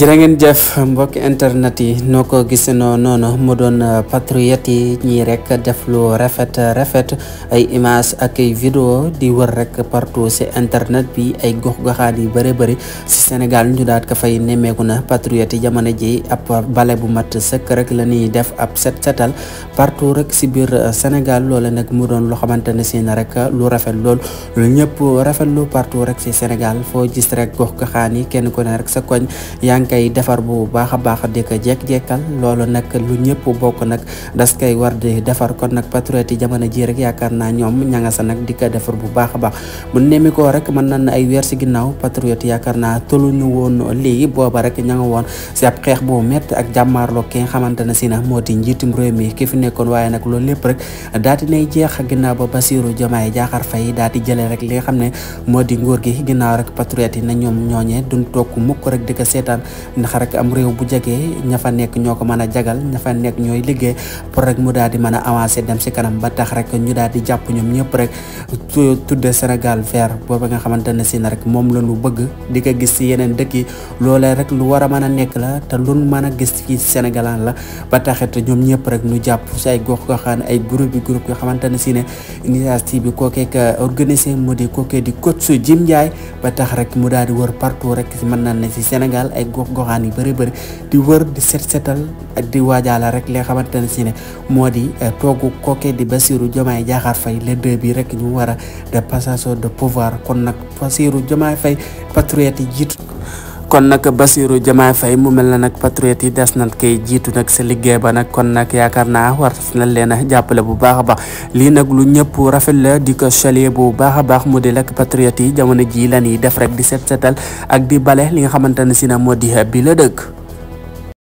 jërë ngeen jëf mbokk internet yi no ko gisandoo noonu mu doon uh, patriote yi ñii rekk def lu rafet rafet ay image ak ay vidéo di wër rek partout ci internet bi ay gox goxaan yi bëri bëri ci senegal ñu daat ko fay nemmeeku na patriote yi jamono ji ab bale bu mat sëkk rek la ñuy def ab set setal partout rek ci biir uh, Sénégal loola nag mu doon lu xamante ne si na rek lu rafet lool lu ñëpp lu partout rek ci senegal foo gis rek gox goxaan kenn ku ne rek yang kan. ngi koy defar bu baax a baax di ko jekk-jekkal lu das koy war di defar kon nag patriote yi ji rek yaakaar naa ñoom sa nag di ko defar bu baax baax bu nemmi koo rek mën nan ay weer si ginnaaw patriote yaakaar naa toluñu won li booba rek ña nga woon si ab xeex bu métti ak jàmmaarloo ki nga sina ne si na moo di njiitum réew mi ki fi nekkoon waaye nag loolu lépp rek dati di nay jeex ginnaaw ba Bassirou Diomaye Diakhar nyonye daal di jëlee rek li gi rek patriote na mukk rek ko seetaan ndax rek am réew bu jege ña fa nekk ñoo jagal ña fa nekk ñooy liggéey pour rek mu daal di mën a avancer dem si kanam ba tax rek ñu daal di jàpp ñoom ñëpp rek tudde Sénégal vert booba nga xamante ne na rek moom la ñu bëgg di ko gis si yeneen dëkk yi loolee rek lu war a mën a nekk la te lu mën a gis ci Sénégalan la ba taxit ñoom ñëpp rek ñu jàpp si ay gox goxaan ay groupe yi groupe yoo xamante ne si initiative bi kookee ka organisé mu di kookee di coach Jim Ndiaye ba tax rek mu daal di wër partout rek mën naa ne si Sénégal Sénégal ay gox goxaan yu bëri bëri di wër di set setal ak di waajaala rek li nga xamante ne si ne moo di eh, toogu kooke di Bassirou Diomaye Diakhar Faye le deux bi rek ñu war a de passation de pouvoir kon nag Bassirou Diomaye Faye patriote yi jiitu kon nag Bassirou Diomaye fay mu mel na nag patriote yi des nañ koy jiitu nag sa liggéey ba nag kon nag yaakaar naa war na leen a jàppale bu baax a baax lii nag lu ñëpp rafet la di ko chalie bu baax a baax mu di lak patriote yi jamono ji lan yi def rek di set setal ak di bale li nga xamante ne si na moo di bi la dëkk